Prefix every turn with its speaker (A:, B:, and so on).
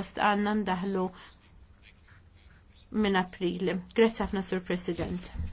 A: Għost għanna ndaħlu minn april. Grazie ħafna, Sur President.